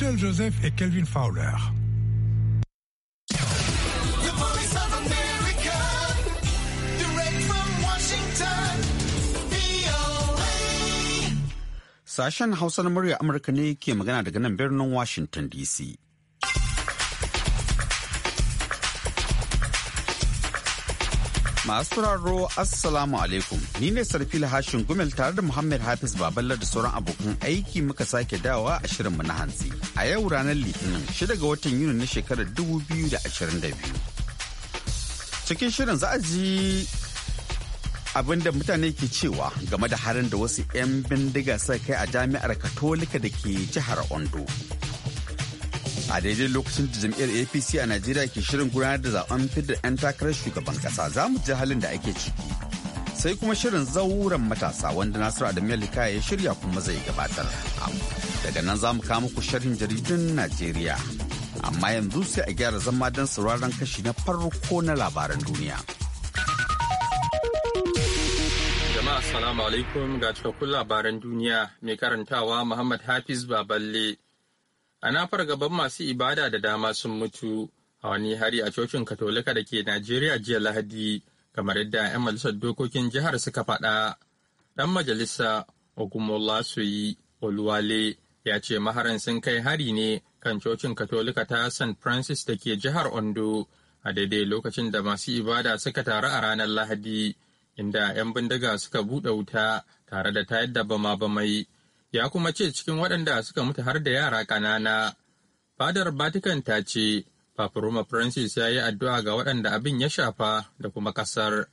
Michel Joseph et Kelvin Fowler. Sashen Hausa na murya ne ke magana daga Washington DC. Masu turaro Assalamu alaikum. Ni ne sarfi Hashin Gumel tare da Muhammad Hafiz Baballa da sauran abokan aiki muka sake dawa a shirin mu na hantsi. A yau ranar Litinin shida ga watan Yuni na shekarar 2022. Cikin shirin za a ji abin da mutane ke cewa game da harin da wasu 'yan bindiga sa kai a jami'ar Katolika da ke jihar Ondo. a daidai lokacin da jam'iyyar apc a najeriya ke shirin gudanar da zaben fidda 'yan takarar shugaban kasa za mu ji halin da ake ciki sai kuma shirin zauren matasa wanda nasiru adamu lika ya shirya kuma zai gabatar daga nan za mu kawo muku sharhin jaridun najeriya amma yanzu sai a gyara zama don sauraron kashi na farko na labaran duniya jama'a assalamu alaikum ga cikakkun labaran duniya mai karantawa muhammad hafiz baballe A na fargaban masu ibada da dama sun mutu a wani hari a cocin Katolika da ke Najeriya jiya Lahadi, kamar yadda 'yan majalisar dokokin jihar suka faɗa. Ɗan majalisa Ogunmola Suyi Oluwale ya ce maharan sun kai hari ne kan cocin Katolika ta St. Francis da ke jihar Ondo a daidai lokacin da masu ibada suka taru a ranar Lahadi, inda 'yan bindiga suka buɗe wuta tare da tayar da bama-bamai. ya kuma ce cikin waɗanda suka mutu har da yara ƙanana. Fadar Vatican ta ce, Papa Francis ya yi addu'a ga waɗanda abin ya shafa da kuma ƙasar,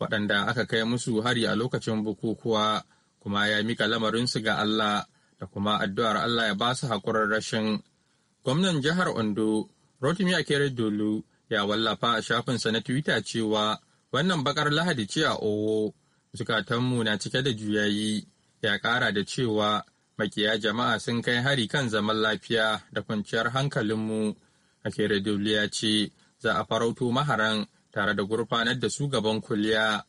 waɗanda aka kai musu hari a lokacin bukukuwa, kuma ya mika lamarinsu ga Allah da kuma addu'ar Allah ya ba su haƙurar rashin. Gwamnan jihar Ondo, Rotimi Akere Dolu, ya wallafa a shafinsa na Twitter cewa wannan bakar Lahadi ce a Owo, zukatanmu na cike da juyayi. ya ƙara da cewa makiya jama'a sun kai hari kan zaman lafiya da kwanciyar hankalinmu a Kereduble ya ce za a farauto maharan tare da gurfanar da su gaban kuliya.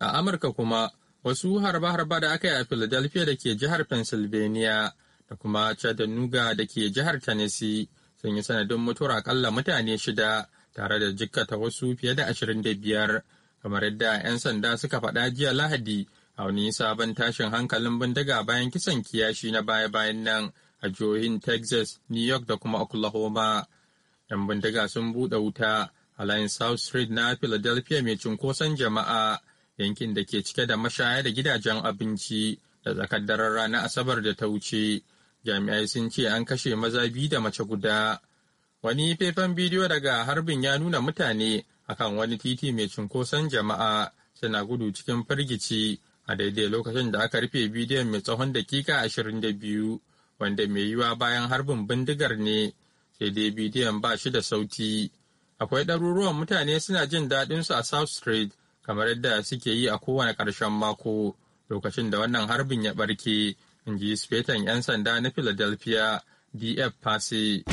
A Amurka kuma wasu harba-harba da aka yi a Philadelphia da ke jihar Pennsylvania da kuma Chattanooga da ke jihar Tennessee sun yi sanadin mutuwar akalla mutane shida tare da jikkata wasu fiye da 25 kamar yadda 'yan sanda suka faɗa jiya Lahadi a wani sabon tashin hankalin bindiga bayan kisan kiyashi na baya-bayan nan a jihohin texas new york da kuma oklahoma yan bindiga sun buɗe wuta a layin south street na philadelphia mai cunkoson jama'a yankin da ke cike da mashaya da gidajen abinci da tsakar daren rana asabar da ta wuce jami'ai sun ce an kashe maza biyu da mace guda wani faifan bidiyo daga harbin ya nuna mutane akan wani titi mai cunkoson jama'a suna gudu cikin firgici a daidai lokacin da aka rufe bidiyon mai tsawon dakika 22 wanda mai yiwa bayan harbin bindigar ne sai dai bidiyon ba shi da sauti akwai ɗaruruwan mutane suna jin daɗin su a south street kamar yadda suke yi a kowane ƙarshen mako lokacin da wannan harbin ya ɓarke in ji spetan 'yan sanda na philadelphia df pase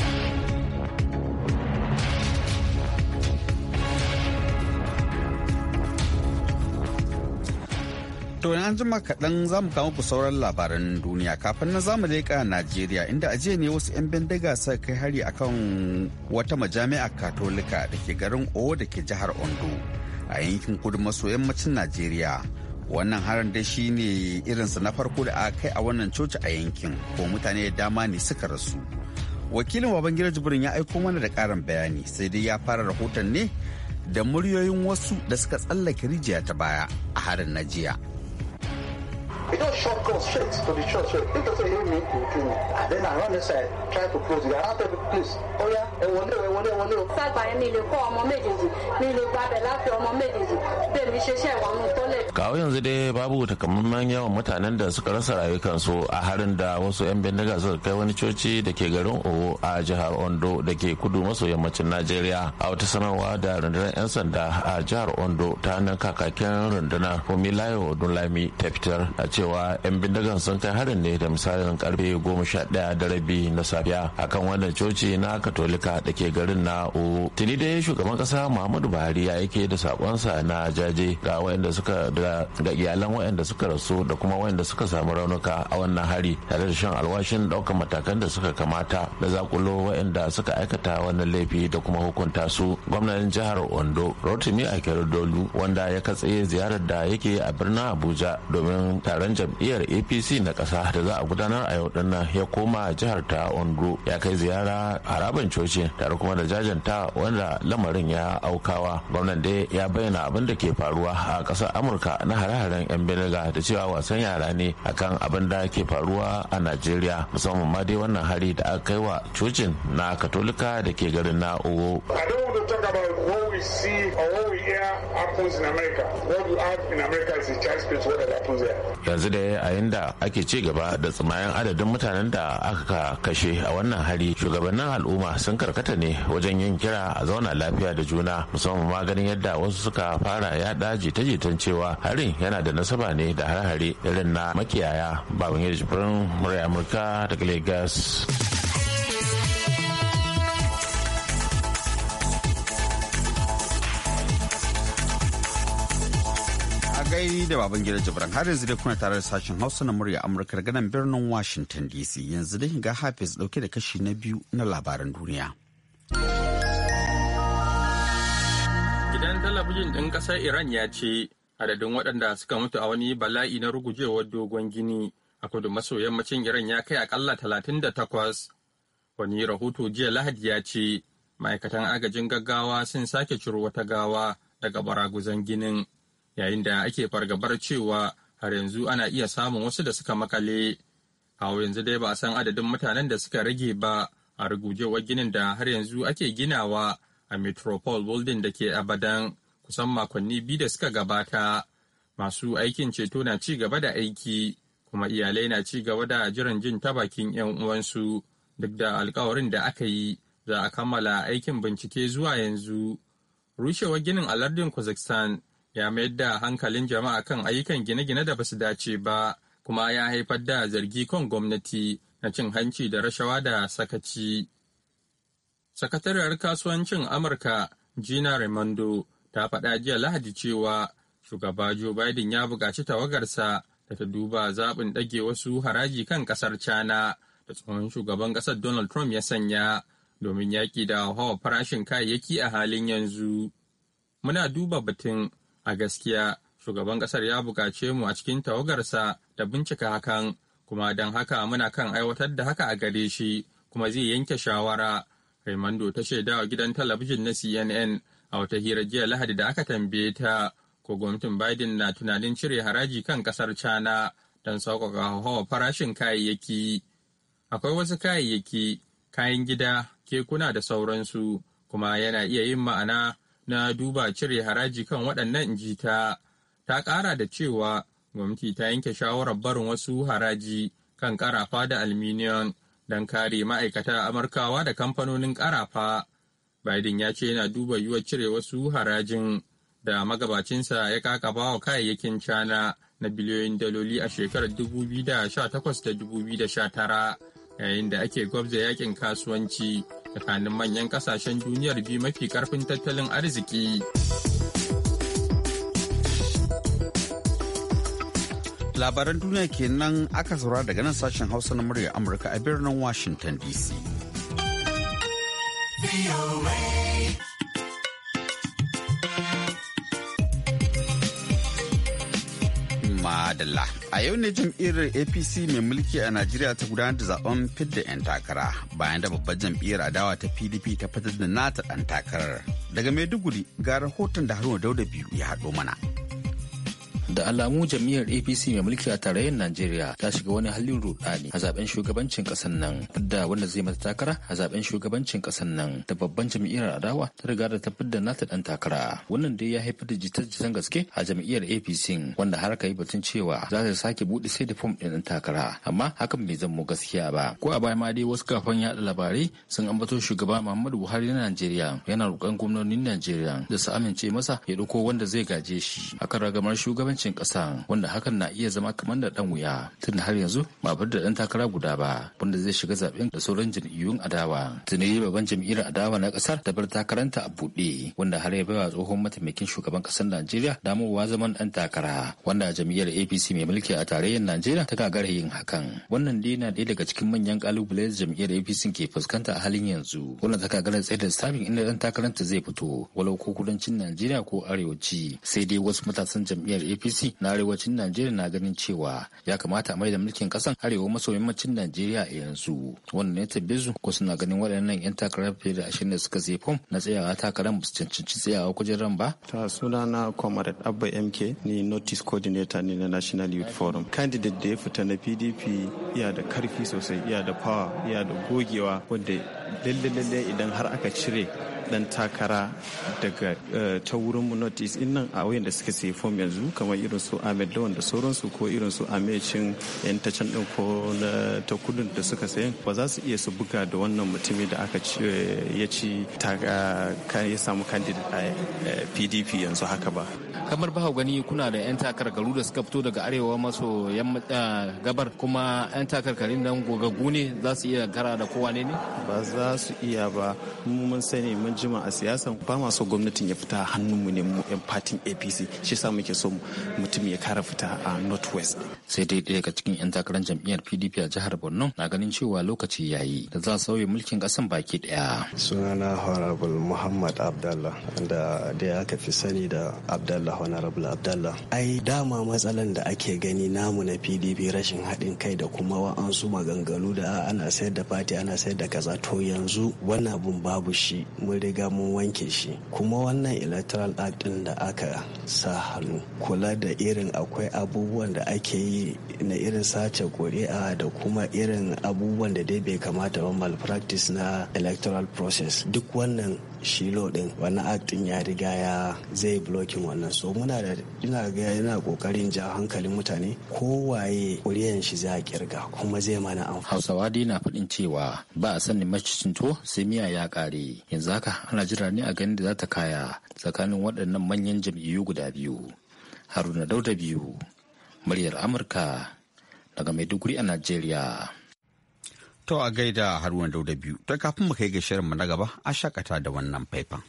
To na jima kaɗan za mu kawo ku sauran labaran duniya kafin na zamu leƙa Najeriya inda a ne wasu 'yan bindiga suka kai hari akan wata majami'a katolika da ke garin O da ke jihar Ondo a yankin kudu maso yammacin Najeriya. Wannan harin da shi ne irinsa na farko da aka kai a wannan coci a yankin ko mutane da dama ne suka rasu. Wakilin Babangida Jibrin ya aiko mana da ƙarin bayani sai dai ya fara rahoton ne da muryoyin wasu da suka tsallake rijiya ta baya a harin na jiya. It just shot shortcuts straight to the church. So if they say, hey, me, you kill me. And then I run inside, try to close it. I have every place. Oh yeah, ẹ wọlé o, ẹ wọlé o, ẹ wọlé o. Ságbà yẹn mi lè kọ́ ọmọ méjèèjì, mi lè gbàbẹ̀ láfi ọmọ méjèèjì. Bẹ́ẹ̀ mi ṣe ṣẹ́ ìwọ̀n tọ́lẹ̀. kawai yanzu dai babu takamaiman yawan mutanen da suka rasa rayukansu a harin da wasu 'yan bindiga suka kai wani coci da ke garin Owo a jihar Ondo da ke kudu maso yammacin Najeriya. A wata sanarwa da rundunar 'yan sanda a jihar Ondo ta nan kakakin rundunar Fumilayo Odunlami ta fitar a cewa 'yan bindigan sun kai harin ne da misalin karfe goma sha ɗaya da rabi na safiya a kan wannan coci na katolika da ke garin na o tuni da shugaban kasa muhammadu buhari ya yake da sakonsa na jaje ga wayanda suka ga iyalan wayanda suka rasu da kuma wayanda suka samu raunuka a wannan hari tare da shan alwashin ɗaukan matakan da suka kamata da zakulo wayanda suka aikata wannan laifi da kuma hukunta su gwamnan jihar ondo rotimi akerodolu wanda ya katse ziyarar da yake a birnin abuja domin tare. taron jam'iyyar apc na ƙasa da za a gudanar a yau dinnan ya koma jihar ta ondo ya kai ziyara haraban coci tare kuma da jajanta wanda lamarin ya aukawa gwamnan dai ya bayyana abin da ke faruwa a ƙasar amurka na hare-haren yan benega da cewa wasan yara ne akan abin da ke faruwa a najeriya musamman ma dai wannan hari da aka kai wa cocin na katolika da ke garin na owo ya yanzu da yayin da ake ci gaba da tsamayen adadin mutanen da aka kashe a wannan hari shugabannin al'umma sun karkata ne wajen yin kira a zauna lafiya da juna musamman ma ganin yadda wasu suka fara ya daji ta jitan cewa harin yana da nasaba ne da har hare irin na makiyaya babin yadda jifirin murai amurka daga lagos kai da baban gida jibran har yanzu dai kuna tare da sashen hausa na murya amurka daga nan birnin washington dc yanzu dai ga hafiz dauke da kashi na biyu na labaran duniya gidan talabijin ɗin ƙasar iran ya ce adadin waɗanda suka mutu a wani bala'i na rugujewar dogon gini a kudu maso yammacin iran ya kai akalla talatin da takwas wani rahoto jiya lahadi ya ce ma'aikatan agajin gaggawa sun sake ciro wata gawa daga baraguzan ginin yayin da ake fargabar cewa har yanzu ana iya samun wasu da suka makale kawo yanzu dai ba a san adadin mutanen da suka rage ba a rugujewar ginin da har yanzu ake ginawa a metropole building da ke abadan kusan makonni biyu da suka gabata masu aikin ceto na ci gaba da aiki kuma iyalai na ci gaba da jiran jin ta bakin 'yan uwansu duk da alkawarin da aka yi za a kammala aikin bincike zuwa yanzu rushewar ginin a lardin kazakhstan ya mayar da hankalin jama'a kan ayyukan gine-gine da basu dace ba kuma ya haifar da zargi kan gwamnati na cin hanci da rashawa da sakaci. Sakatariyar kasuwancin Amurka Gina Raimondo ta faɗa jiya Lahadi cewa shugaba Joe Biden ya buƙaci tawagarsa da ta duba zaɓin ɗage wasu haraji kan ƙasar China da tsohon shugaban ƙasar Donald Trump ya sanya domin yaƙi da hawa farashin kayayyaki a halin yanzu. Muna duba batun A gaskiya, shugaban kasar ya bukace mu a cikin tawagarsa da bincika hakan, kuma don haka muna kan aiwatar da haka a gare shi, kuma zai yanke shawara. Raimondo ta shaida wa gidan talabijin na CNN a wata hira jiya Lahadi da aka tambaye ta ko gwamnatin Biden na tunanin cire haraji kan kasar China don sauƙaƙa hawa farashin kayayyaki. Akwai wasu kayayyaki, kayan gida, kekuna da sauransu, kuma yana iya yin ma'ana na duba cire haraji kan waɗannan inji ta ta ƙara da cewa gwamnati ta yanke shawarar barin wasu haraji kan ƙarafa da alminiyon don kare ma'aikata amurkawa da kamfanonin ƙarafa biden ya ce yana duba yiwuwar cire wasu harajin da magabacinsa ya kakaba wa kayayyakin cana na biliyoyin daloli a shekarar 2018 da 2019 yayin da ake gwabza yakin kasuwanci tsakanin manyan kasashen duniyar biyu mafi karfin tattalin arziki. Labaran duniya kenan aka saura daga nan sashen Hausa na murya Amurka a birnin Washington DC. Adalla. A yau ne jam'iyyar APC mai mulki a Najeriya ta gudanar da zaben fidda 'yan takara bayan da babbar jam'iyyar adawa ta PDP ta fitar da nata ɗan takarar. Daga Maiduguri ga rahoton da Haruna Dauda biyu ya haɗo mana. da alamu jam'iyyar apc mai mulki a tarayyar najeriya ta shiga wani halin rudani a zaben shugabancin kasan nan da wanda zai mata takara a zaben shugabancin kasan nan da babban jam'iyyar adawa ta riga da ta da nata dan takara wannan dai ya haifar da jita-jitan gaske a jam'iyyar apc wanda har ka yi batun cewa za ta sake buɗe sai da fom ɗin takara amma hakan bai zamo gaskiya ba ko a baya ma dai wasu kafan yaɗa labarai sun ambato shugaba muhammadu buhari na najeriya yana roƙon gwamnonin najeriya da su amince masa ya ɗauko wanda zai gaje shi akan ragamar shugabanci shugabancin kasan wanda hakan na iya zama kamar da dan wuya tun har yanzu ba bar da dan takara guda ba wanda zai shiga zaben da sauran jam'iyyun adawa tuni babban jam'iyyar adawa na kasar ta bar takaranta a buɗe wanda har ya baiwa tsohon mataimakin shugaban kasar Najeriya damowa zaman dan takara wanda jam'iyyar APC mai mulki a tarayyar Najeriya ta gagara yin hakan wannan dai na ɗaya daga cikin manyan kalubale da jam'iyyar APC ke fuskanta a halin yanzu wannan ta gagara tsaye da sabin inda dan takaranta zai fito walau ko kudancin Najeriya ko arewaci sai dai wasu matasan jam'iyyar APC apc na arewacin najeriya na ganin cewa ya kamata a mai da mulkin kasan arewa maso yammacin najeriya a yanzu wannan ne tabbizu ko suna ganin waɗannan yan takarar fiye da ashirin da suka zai fom na tsayawa takarar ba su cancanci tsayawa kujeran ba. ta suna na comrade abba mk ni notice coordinator ne na national youth forum candidate da ya fita na pdp ya da karfi sosai ya da power ya da gogewa wanda lalle lalle idan har aka cire dan takara daga eh, ta wurin mu north nan a wayan da suka sai fom yanzu kamar irin su ahmed lawan da sauransu ko irin su amecin yan ta can din ko na ta kudin da suka sai ba za su iya su buga da wannan mutumi da aka eh, ya ci eh, ya samu candidate a pdp yanzu haka ba kamar ba gani kuna da yan takarkaru da suka fito daga arewa maso gabar kuma yan takarkarin nan gogaggu ne za su iya gara da kowa ne ne ba za su iya ba mun sani mun jima a siyasa ba ma so gwamnatin ya fita hannunmu ne mu yan fatin apc shi sa muke so mutum ya kara fita a north west sai dai daga cikin yan takarar jam'iyyar pdp a jihar borno na ganin cewa lokaci ya yi da za sauya mulkin kasan baki daya sunana honorable muhammad abdallah da da aka fi sani da abdallah honorable abdallah ai dama matsalan da ake gani namu na pdp rashin haɗin kai da kuma wa'ansu maganganu da ana sayar da fati ana sayar da kaza to yanzu wannan abun babu shi mun riga mun wanke shi kuma wannan electoral act din da aka sa hannu kula da irin akwai abubuwan da ake yi na irin sace kuri'a da kuma irin abubuwan da dai bai kamata ba malpractice na electoral process duk wannan shilo din wannan aktin ya riga ya zai blocking wannan so muna da ina ga yana kokarin ja hankalin mutane kowaye kuriyan shi za kirga kuma zai mana amfani hausawa dai na fadin cewa ba a sanin macicin to sai miya ya kare. yanzu haka ana jira ne a ganin da za ta kaya tsakanin waɗannan manyan jam'iyyu guda biyu haruna dauda biyu muryar amurka daga maiduguri a najeriya To a gaida haruwan Dauda biyu, to kafin mu kai ga shirinmu na gaba a shakata da wannan faifan.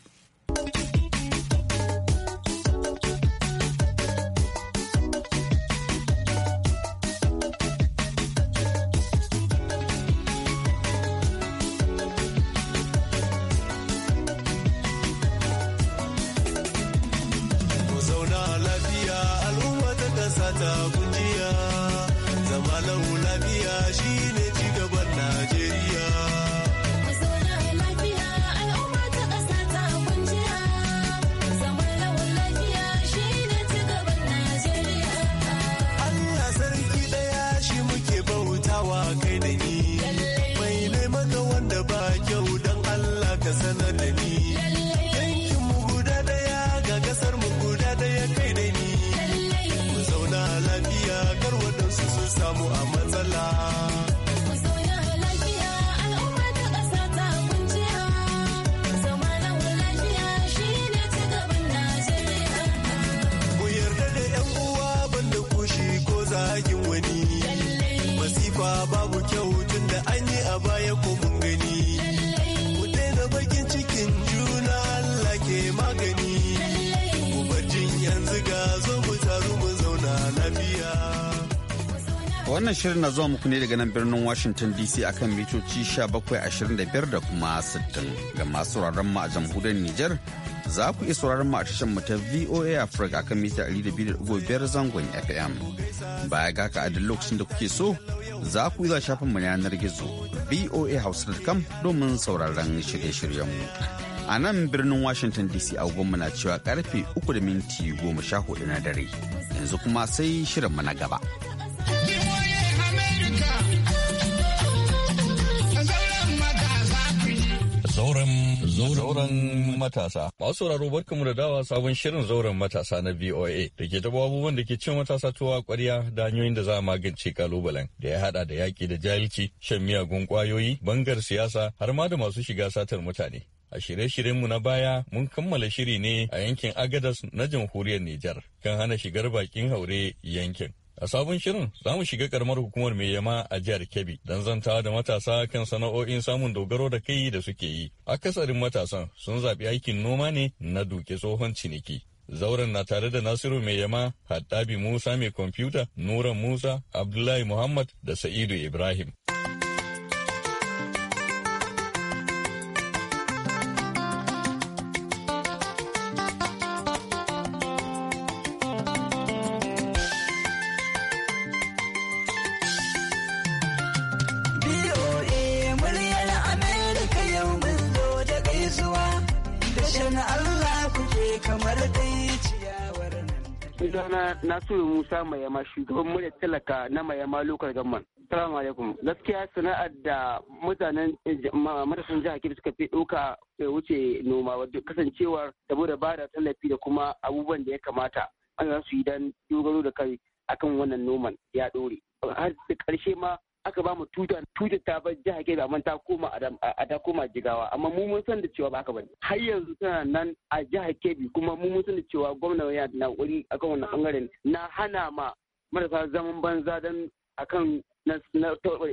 Wannan shirin na zuwa muku ne daga nan birnin Washington DC akan mitoci 1725 da kuma 60 ga masu sauraron mu a jamhuriyar Nijar. Za ku iya sauraron mu a tashar mu ta VOA Africa akan mita 200.5 zangon FM. Baya ga ka a duk lokacin da kuke so, za ku iya shafin mu yanar gizo voahouse.com domin sauraron shirye-shiryen mu. A nan birnin Washington DC a na cewa karfe 3 da minti 14 na dare. Yanzu kuma sai shirin mu na gaba. Zauren Zauren matasa. Masu sauraro barkamu da dawa sabon shirin zauren matasa na VOA da ke tabo abubuwan da ke cin matasa tuwa kwarya da hanyoyin da za a magance kalubalen da ya hada da yaki da jahilci, shan miyagun ƙwayoyi bangar siyasa har ma da masu shiga satar mutane. A shirye-shiryenmu na baya mun kammala shiri ne a yankin Agadas na jamhuriyar Nijar kan hana shigar bakin haure yankin. A sabon shirin za mu shiga karamar hukumar mai yama a jihar Kebbi don zantawa da matasa kan sana'o'in samun dogaro da kai da suke yi. Akasarin matasan sun zaɓi aikin noma ne na duke tsohon ciniki. Zauren na tare da Nasiru mai yama, Haddabi Musa mai kwamfuta, Nuran Musa, Abdullahi Muhammad da Sa'idu Ibrahim. sunana Nasiru Musa Mayama shugaban murya talaka na Mayama local government. Salamu alaikum. Gaskiya sana'ar da mutanen matasan jihar Kebbi suka fi ɗauka ya wuce noma wadda kasancewar da ba da tallafi da kuma abubuwan da ya kamata an za su yi don dogaro da kai akan wannan noman ya ɗore. Har da ƙarshe ma aka ba mu tuta tuta ta bar jiha ke amma ta koma a ta koma jigawa amma mu mun san da cewa ba haka bane har yanzu tana nan a jiha kebi kuma mu mun san da cewa gwamna ya da a akan wannan bangaren na hana ma marasa zaman banza dan akan na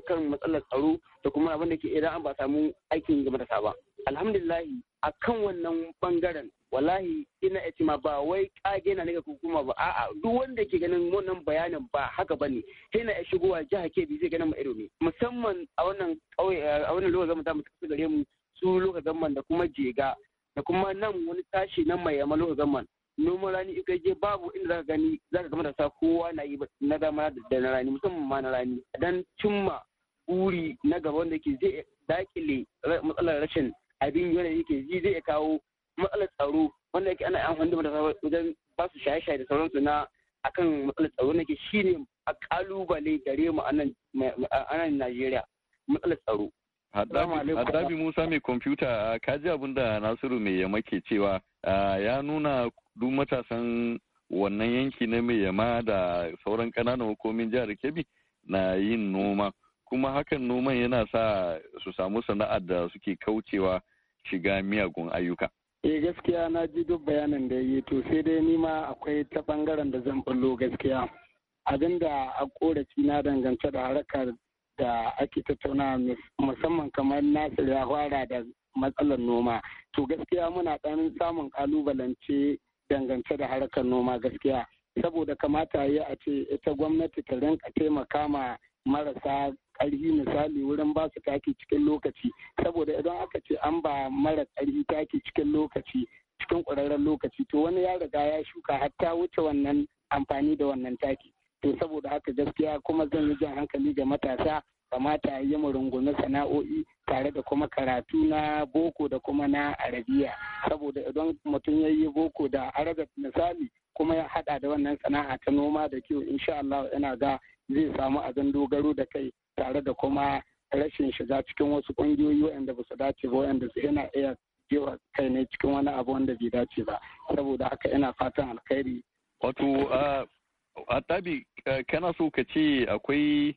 kan matsalar tsaro da kuma abin da ke idan an ba samu aikin ga marasa ba alhamdulillahi a kan wannan bangaren wallahi ina ya ma ba wai kage na nika hukuma ba a'a duk wanda ke ganin wannan bayanin ba haka bane sai na ya a jiha bi zai ganin ido ne musamman a wannan kauye eh, a wannan lokacin zamu tafi gare mu su lokacin zaman da kuma jega da kuma nan wani tashi nan mai yamma lokacin zaman noman rani in je babu inda zaka gani zaka gama da kowa na yi na zama da na rani musamman ma na rani dan cimma buri na gaba wanda ke zai dakile matsalar rashin abin yanayi yake ji zai kawo matsalar tsaro wanda yake ana hannu da wajen ba su shaye-shaye da sauransu na akan matsalar tsaro ke shi ne a kalubale gare mu a nan Najeriya matsalar tsaro. Haddabi Musa mai kwamfuta ka ji abin da Nasiru mai yama ke cewa ya nuna duk matasan wannan yanki na mai yama da sauran ƙananan hukumin jihar Kebbi na yin noma kuma hakan noman yana sa su samu sana'ar da suke kaucewa shiga miyagun ayyuka. Eh gaskiya na ji duk bayanin da yi to sai dai ni ma akwai ta bangaren da zan bullo gaskiya. Abin da a ƙorafi na dangance da harkar da ake tattauna musamman kamar Nasir ya fara da matsalar noma. To gaskiya muna ɗanin samun ƙalubalance dangance da harkar noma gaskiya. Saboda kamata ya a ce ita gwamnati ta rinka taimaka ma marasa ƙarfi misali wurin ba su taki cikin lokaci saboda idan aka ce an ba mara ƙarfi taki cikin lokaci cikin ƙwararren lokaci to wani ya riga ya shuka hatta wuce wannan amfani da wannan taki to saboda haka gaskiya kuma zan yi jan hankali ga matasa kamata a yi rungumi sana'o'i tare da kuma karatu na boko da kuma na arabiya saboda idan mutum ya yi boko da arabic misali hada da wannan sana'a ta noma da kiwo insha Allah yana ga zai samu abin dogaro da kai tare da kuma rashin shiga cikin wasu kungiyoyi waɗanda ba su dace ba waɗanda su yana iya jewa kai ne cikin wani abu wanda bai dace ba saboda haka yana fatan alkhairi wato a tabi kana so ka ce akwai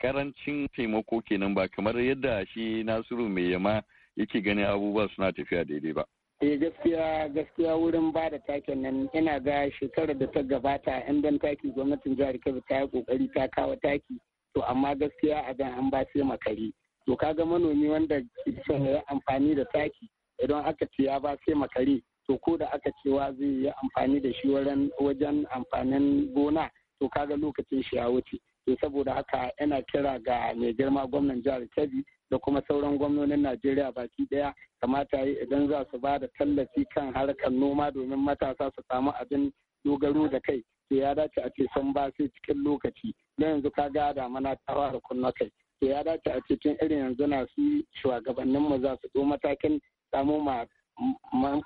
karancin taimako kenan ba kamar yadda shi nasiru mai yama yake ganin abubuwa suna tafiya daidai ba eh gaskiya gaskiya wurin ba da taken nan ina ga shekarar da ta gabata yan dan taki gwamnatin jihar kebbi ta yi kokari ta kawo taki to amma gaskiya a dan an ba sai makari to kaga manomi wanda ke ya amfani da taki idan aka ce ya ba sai makari to ko da aka cewa zai yi amfani da shi wajen amfanin gona to kaga lokacin shi ya wuce to saboda haka yana kira ga mai girma gwamnan jihar kebbi da kuma sauran gwamnonin najeriya baki daya kamata yi idan za su ba da tallafi kan harkar noma domin matasa su samu abin dogaro da kai sai ya dace a ce sun ba sai cikin lokaci na yanzu ka ga da mana ta fara kunna kai sai ya dace a ce tun irin yanzu na su shugabannin mu za su ɗo matakin samu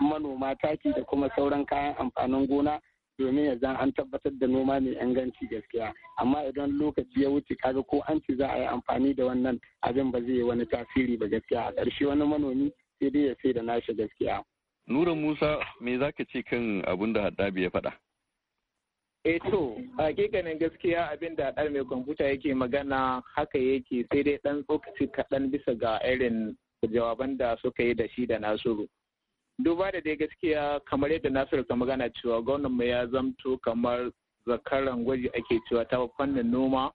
manoma taki da kuma sauran kayan amfanin gona domin ya zan an tabbatar da noma mai inganci gaskiya amma idan lokaci ya wuce kaga ko an ce za a yi amfani da wannan abin ba zai yi wani tasiri ba gaskiya a ƙarshe wani manomi sai dai ya sai da nashi gaskiya. Nura Musa me za ka ce kan abin da Haddabi ya faɗa? E to, hakikanin gaskiya abin da haɗar mai kwamfuta yake magana haka yake sai dai ɗan tsokaci kaɗan bisa ga irin jawaban da suka yi da shi da Nasiru. duba da dai gaskiya kamar yadda nasiru ka magana cewa gwamnan mu ya zamto kamar zakaran gwaji ake cewa ta fannin noma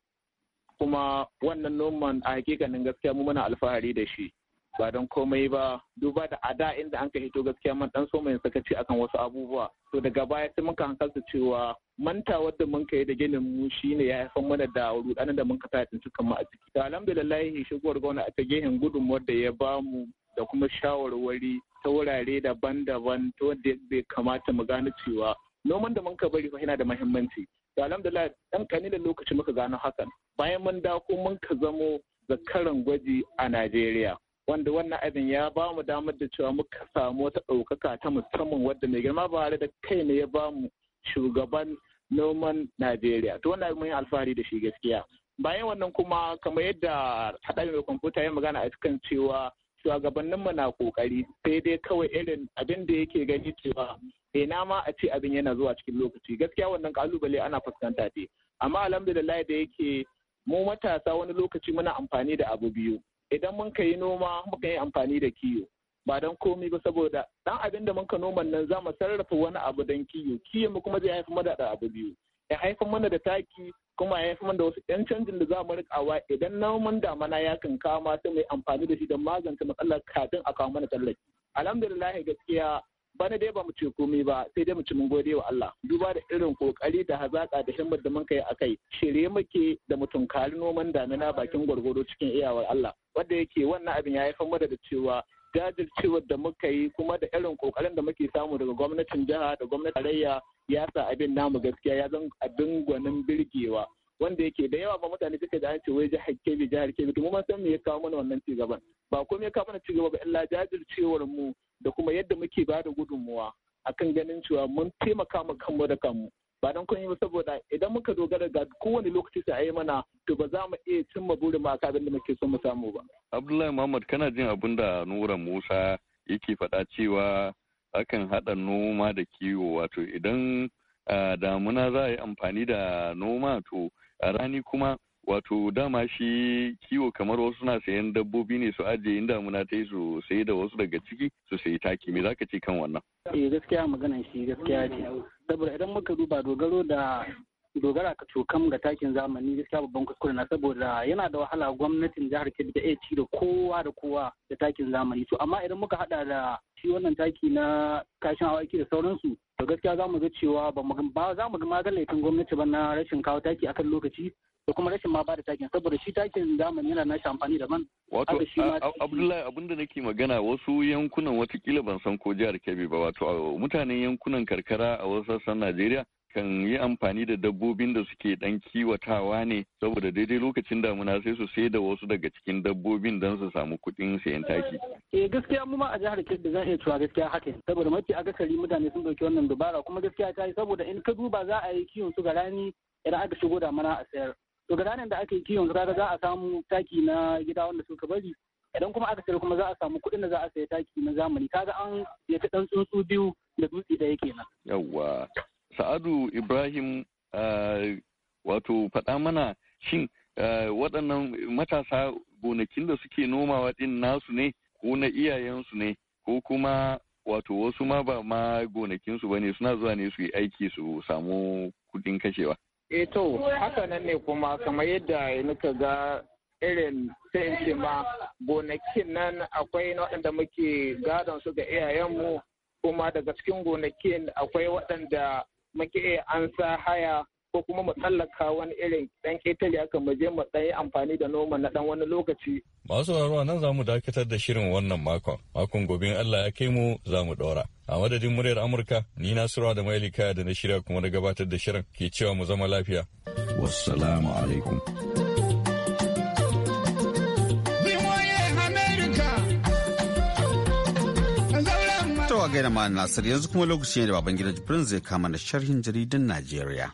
kuma wannan noman a hakikanin gaskiya mu muna alfahari da shi ba don komai ba duba da ada inda an ka hito gaskiya man dan so mai sakaci akan wasu abubuwa to daga baya sai muka hankalta cewa manta wadda mun kai da ginin mu shine ya haifar mana da rudanin da mun ka tayar cikin mu a ciki to alhamdulillah shigowar gwamna a ta gehen gudun da ya bamu da kuma shawarwari ta wurare daban-daban ta wanda bai kamata mu gane cewa noman da muka bari fa yana da muhimmanci to alhamdulillah dan kanilan lokaci muka gano hakan bayan mun dako mun ka zamo zakaran gwaji a Najeriya wanda wannan abin ya ba mu damar da cewa muka samu wata ɗaukaka ta musamman wadda mai girma ba da kai ne ya ba mu shugaban noman Najeriya to wannan mun yi alfahari da shi gaskiya bayan wannan kuma kamar yadda haɗa mai kwamfuta ya magana a cikin cewa mu na kokari sai dai kawai irin abin da yake gani cewa ina ma a ce abin yana zuwa cikin lokaci gaskiya wannan kalubale ana fuskanta ce amma alhamdulillah da yake mu matasa wani lokaci muna amfani da abu biyu idan mun ka noma muka yi amfani da kiyo ba don komi ba saboda dan abin da ka noman nan za mu sarrafa wani abu don kiyo kiyo mu kuma zai haifa mana da abu biyu ya haifa mana da taki kuma ya fi da wasu 'yan canjin da za mu rikawa idan noman damana ya kan kama ta mai amfani da shi don magance matsalar kafin a kawo mana tallafi alhamdulillah gaskiya bana dai ba mu ce komai ba sai dai mu ci mun gode wa Allah duba da irin kokari da hazaka da himmar da mun kai akai shirye muke da mutum kari noman damina bakin gwargwaro cikin iyawar Allah wanda yake wannan abin ya haifar mana da cewa jajircewar da muka yi kuma da irin kokarin da muke samu daga gwamnatin jiha da gwamnatin tarayya ya sa abin namu gaskiya ya zan abin gwanin birgewa wanda yake da yawa ba mutane suka da ce wai jihar kebe jihar kebe to san me ya kawo mana wannan cigaban ba komai ya kawo mana cigaba ba illa jajircewar mu da kuma yadda muke ba da gudunmuwa akan ganin cewa mun taimaka ma kanmu da kanmu ba don kun yi ba saboda idan muka dogara ga kowane lokaci sai a yi mana to ba za mu iya cimma burin mu akan abin da muke son mu samu ba. Abdullahi Muhammad kana jin abin da Nura Musa yake faɗa cewa akan haɗa noma da kiwo wato idan damuna za a yi amfani da noma to a rani kuma wato dama shi kiwo kamar wasu na sayan dabbobi ne su ajiye in damuna ta yi su sayi da wasu daga ciki su sayi taki me zaka ce kan wannan eh, gaskiya maganan shi gaskiya ce saboda idan muka duba dogaro da dogara ka cokam ga takin zamani gaskiya babban kuskure na saboda yana da wahala gwamnatin jihar Kebbi da ci da kowa da kowa da takin zamani to amma idan muka hada da shi wannan taki na kashin awaki da sauransu to gaskiya za mu ga cewa ba za mu ga magalatin gwamnati ba na rashin kawo taki akan lokaci da kuma rashin ma ba da takin saboda shi takin zamani yana nashi amfani daban. Wato Abdullahi abinda nake magana wasu yankunan watakila ban san ko jihar Kebbi ba wato mutanen yankunan karkara a wasu sassan Najeriya kan yi amfani da dabbobin da suke dan kiwatawa ne saboda daidai lokacin damuna sai su sai da wasu daga cikin dabbobin don su samu kuɗin sayan taki. Eh gaskiya mu ma a jihar Kebbi zan iya cewa gaskiya haka saboda mafi akasari mutane sun ɗauki wannan dubara kuma gaskiya ta yi saboda in ka duba za a yi kiwon su ga idan aka shigo damuna a sayar. To ga da aka yi kiwon su za a samu taki na gida wanda suka bari idan kuma aka sayar kuma za a samu kuɗin da za a sayi taki na zamani kaga an ya ta ɗan tsuntsu biyu da dutse da yake kenan. Yawwa sa'adu ibrahim eh, wato faɗa mana shin eh, waɗannan matasa gonakin da suke nomawa ɗin nasu ne ko na iyayensu ne ko kuma wato wasu ma ba ma gonakinsu ba ne suna zuwa ne su yi aiki su samu kudin kashewa. E to, haka nan ne kuma kamar yadda nuka ga irin sayanci ma gonakin nan akwai waɗanda muke gadon su ga iyayenmu kuma daga cikin gonakin akwai waɗanda muke an sa haya ko kuma mu tsallaka wani irin dan ketare aka mu je mu tsaye amfani da noma na dan wani lokaci. Masu sauraro nan zamu dakatar da shirin wannan makon. Makon gobe Allah ya kai mu za mu ɗora. A madadin muryar Amurka, ni na sura da Mailika da na shirya kuma da gabatar da shirin ke cewa mu zama lafiya. Wassalamu alaikum. ga yana ma'ana Nasir yanzu kuma lokaci ne da baban gida Jibrin zai kama na sharhin jaridan Najeriya.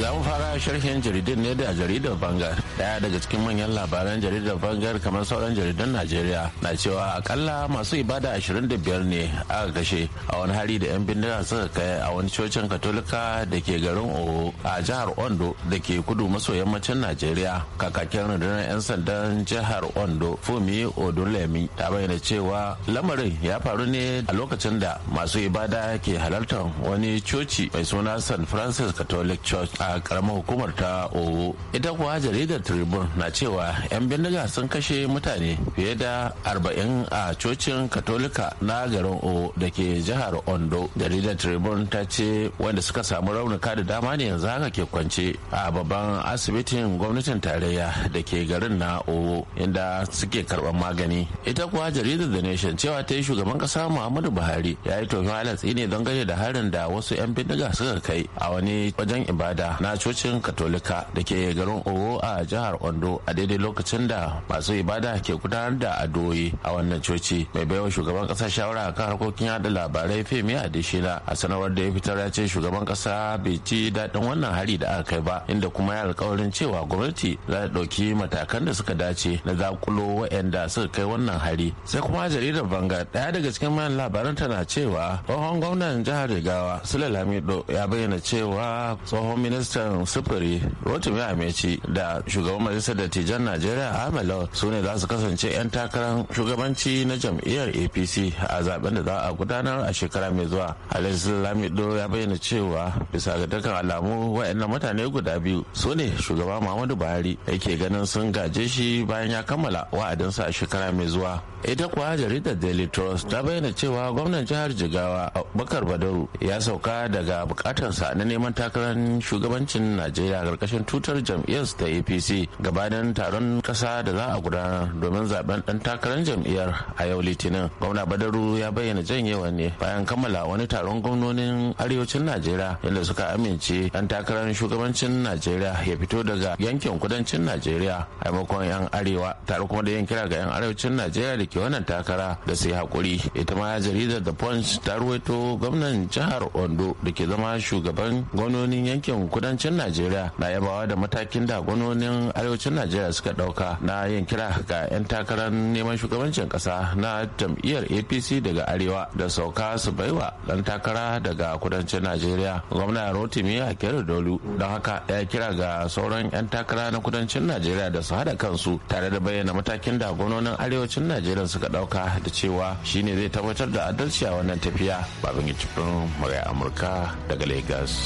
za mu fara sharhin jaridun ne da jaridar bangar daya daga cikin manyan labaran jaridar bangar kamar sauran jaridun najeriya na cewa akalla masu ibada 25 ne aka kashe a wani hari da yan bindiga suka kai a wani cocin katolika da ke garin oho a jihar ondo da ke kudu maso yammacin najeriya kakakin rundunar yan sandan jihar ondo fumi odunlemi ta bayyana cewa lamarin ya faru ne a lokacin da masu ibada ke halartar wani coci mai suna san francis catholic church a karamar hukumar ta owo ita kuwa jaridar tribune na cewa 'yan bindiga sun kashe mutane fiye da arba'in a cocin katolika na garin o da ke jihar ondo jaridar tribune ta ce wanda suka samu raunuka da dama ne yanzu haka ke kwance a babban asibitin gwamnatin tarayya da ke garin na owo inda suke karban magani ita kuwa jaridar the nation cewa ta yi shugaban kasa muhammadu buhari ya yi tofin halatsi ne don gane da harin da wasu 'yan bindiga suka kai a wani wajen ibada na cocin katolika da ke garin owo a jihar ondo a daidai lokacin da masu ibada ke gudanar da addu'o'i a wannan coci mai baiwa shugaban kasa shawara kan harkokin yada labarai femi na a sanarwar da ya fitar ya ce shugaban kasa bai ci daɗin wannan hari da aka kai ba inda kuma ya alkawarin cewa gwamnati za ta ɗauki matakan da suka dace na zakulo wa'anda suka kai wannan hari sai kuma jaridar banga ɗaya daga cikin manyan labaran tana cewa tsohon gwamnan jihar rigawa sule lamido ya bayyana cewa tsohon minista ministan sufuri rotimi ameci da shugaban majalisar dattijan najeriya ahmed lawal su ne za su kasance 'yan takarar shugabanci na jam'iyyar apc a zaben da za a gudanar a shekara mai zuwa alhaji lamido ya bayyana cewa bisa ga dukkan alamu wa'annan mutane guda biyu su ne shugaba muhammadu buhari yake ganin sun gaje shi bayan ya kammala wa'adinsa a shekara mai zuwa ita kuwa jaridar daily trust ta bayyana cewa gwamnan jihar jigawa bakar badaru ya sauka daga bukatarsa na neman takarar shugaban shugabancin najeriya karkashin tutar jam'iyyar ta apc gabanin taron kasa da za a gudanar domin zaben dan takarar jam'iyyar a yau litinin gwamna badaru ya bayyana janyewa ne bayan kammala wani taron gwamnonin arewacin najeriya inda suka amince dan takarar shugabancin najeriya ya fito daga yankin kudancin najeriya a maimakon yan arewa tare kuma da yin kira ga yan arewacin najeriya da ke wannan takara da su yi hakuri ita ma jaridar the punch ta ruwaito gwamnan jihar ondo da ke zama shugaban gwamnonin yankin kudancin kudancin najeriya na yabawa da matakin da gwanonin arewacin najeriya suka dauka na yin kira ga 'yan takarar neman shugabancin kasa na jam'iyyar apc daga arewa da sauka su baiwa dan takara daga kudancin najeriya gwamna rotimi a dolu don haka ya kira ga sauran 'yan takara na kudancin najeriya da su hada kansu tare da bayyana matakin da gwanonin arewacin najeriya suka dauka da cewa shine zai tabbatar da adalci a wannan tafiya babin gicibin murya amurka daga lagos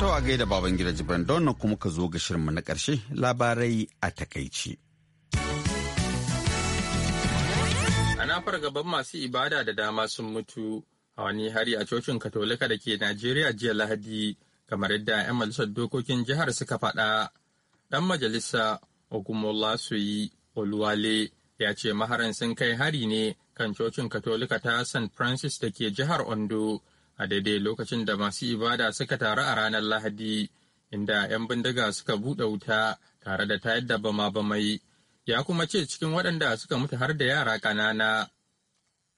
To a gaida baban gida Jibran don kuma ka zo ga shirinmu na ƙarshe labarai a takaici. a na gaban masu ibada da dama sun mutu a wani hari a cocin katolika da ke Najeriya jiya Lahadi kamar yadda 'yan majalisar dokokin jihar suka faɗa. Ɗan majalisa Ogumola Suyi Oluwale ya ce maharan sun kai hari ne kan cocin katolika ta St. Francis da ke jihar Ondo a daidai lokacin da masu ibada suka taru a ranar Lahadi, inda 'yan bindiga suka buɗe wuta tare da tayar da bama-bamai, ya kuma ce cikin waɗanda suka mutu har da yara ƙanana.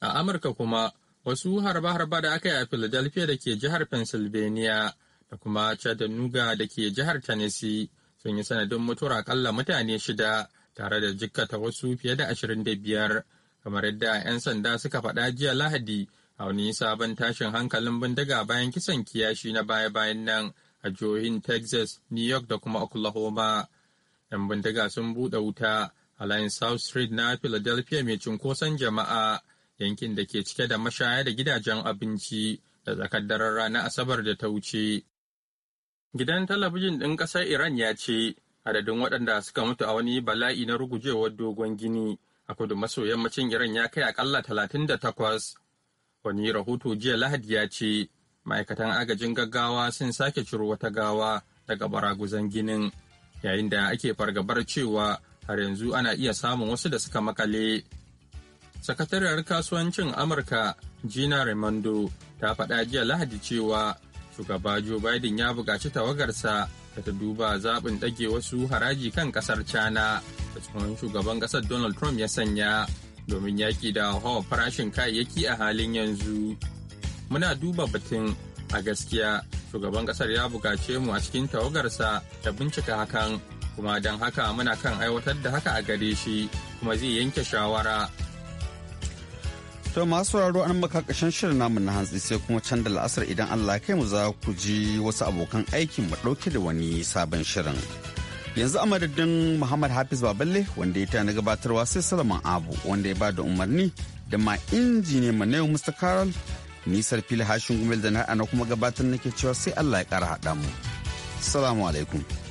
A Amurka kuma, wasu harba-harba da aka yi a Philadelphia da ke jihar Pennsylvania da kuma Chattanooga da ke jihar Tennessee sun yi sanadin mutuwar akalla mutane shida tare da jikkata wasu fiye da ashirin da biyar, kamar yadda 'yan sanda suka faɗa jiya Lahadi a sabon tashin hankalin bindiga bayan kisan kiyashi na baya-bayan nan a jihohin Texas, New York da kuma Oklahoma. 'Yan bindiga sun buɗe wuta a layin South Street na Philadelphia mai cunkoson jama'a yankin da ke cike da mashaya da gidajen abinci da tsakar daren rana Asabar da ta wuce. Gidan talabijin ɗin ƙasar Iran ya ce adadin waɗanda suka mutu a wani bala'i na rugujewar dogon gini a kudu maso yammacin Iran ya kai akalla talatin da takwas. Wani rahoto jiya Lahadi ya ce ma'aikatan agajin gaggawa sun sake ciro wata gawa daga baraguzan ginin yayin da ake fargabar cewa har yanzu ana iya samun wasu da suka makale. Sakatariyar kasuwancin Amurka Gina Raimondo ta faɗa jiya Lahadi cewa shugaba Joe Biden ya buƙaci tawagarsa da ta duba zaɓin ɗage wasu haraji kan ƙasar China da tsohon shugaban ƙasar Donald Trump ya sanya. domin yaƙi da hawa farashin kayayyaki a halin yanzu. Muna duba batun a gaskiya shugaban ƙasar ya buƙace mu a cikin tawagarsa da bincika hakan kuma don haka muna kan aiwatar da haka a gare shi kuma zai yanke shawara. To masu sauraro an maka ƙarshen shirin namu na hantsi sai kuma can da la'asar idan Allah kai mu za ku ji wasu abokan aikin mu ɗauke da wani sabon shirin. yanzu a madadin muhammad hafiz baballe wanda ya tana gabatarwa sai salaman abu wanda ya ba da umarni da ma ne ma yau mr carol nisar fili hashin gumel da na kuma gabatar nake cewa sai allah ya kara haɗa mu salamu alaikum